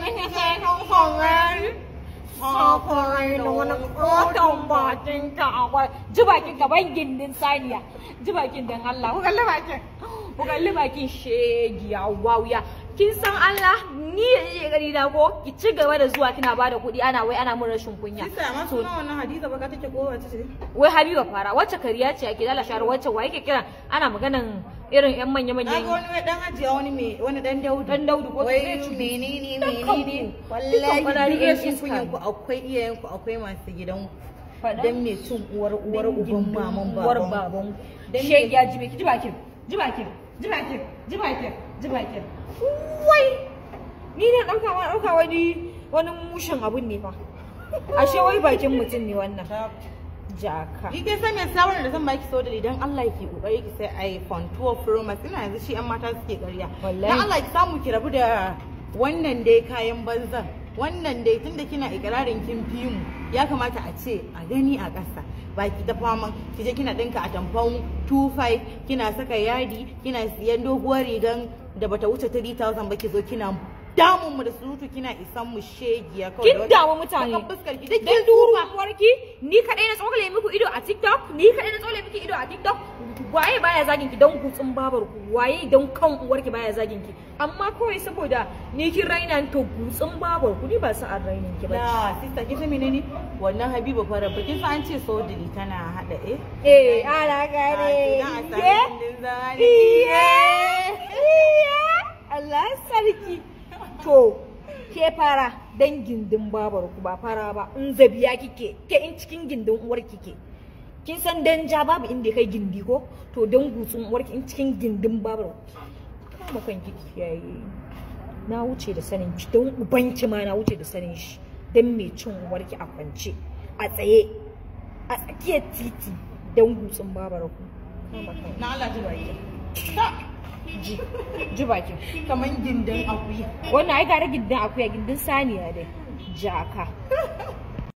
មិនហេក្នុងហងឯងមកខ្លួនឯងនឹងអូចំបាចិងកអវជបាចិងកវិញគិននិនសៃនេះជបាចិងទាំងអល់ឡោះកលបាចិងអូកលបាចិង shege ya kin san Allah ni yake gari na ko ki ci gaba da zuwa kina ba da kuɗi ana wai ana mun kunya. Kisa ma suna wannan Hadiza baka take ko wace ce? Wai Habiba fara wacce kariya ce ake dala sharo wace wa yake kiran ana maganan irin yan manya manya ga wani mai dan ajiya wani mai wani dan daudu dan daudu ko sai ci menene menene wallahi kun iya sun kunyan ku akwai iyayen ku akwai masu gidan ku dan me cin uwar uwar uban maman baban baban dan she ya ji ki ji bakin ji bakin ji bakin ji bakin ji bakin wai ni ne dauka wani dauka wani wani mushin abun ne fa ashe wai bakin mutum ne wannan jaka ni sanya shawarar da zan baki so da idan Allah ki kokari ki sai iPhone 12 Pro Max ina yanzu shi yan mata suke ƙarya dan Allah ki samu ki rabu da wannan dai kayan banzan wannan dai tunda kina ikirarin kin fi mu ya kamata a ce a gani a ƙasa ba ki ta faman ki je kina ɗinka a tamfon 25 kina saka yadi kina siyan doguwar rigan da bata wuce 3000 ba ki zo kina damun mu da surutu kina isan mu shegiya kawai kin damu mutane kan fuskar ki duk kin duba warki ni kadai na tsokale muku ido a TikTok ni kadai na tsokale miki ido a TikTok waye baya zagin ki dan gutsun babar ku waye dan kan uwarki baya zagin ki amma kawai saboda ni kin raina to gutsun babar ku ni ba sa an rainin ki ba na sister kin san menene wannan Habiba fara ba kin san an ce sodili tana hada eh eh ala gare eh Allah sarki to ke fara dan gindin babar ku ba fara ba in zabiya kike ke in cikin gindin uwar kike kin san dan ja babu inda kai gindi ko to dan gutsun uwar in cikin gindin babar kuma kan kike yayi na wuce da sanin ki dan ubanki ma na wuce da sanin shi dan me cin uwar ki a kwance a tsaye a tsakiyar titi dan gutsun babar ku na Allah ji ji ji bakin kamar gindin akuya wannan ai gara gindin akuya gindin saniya dai jaka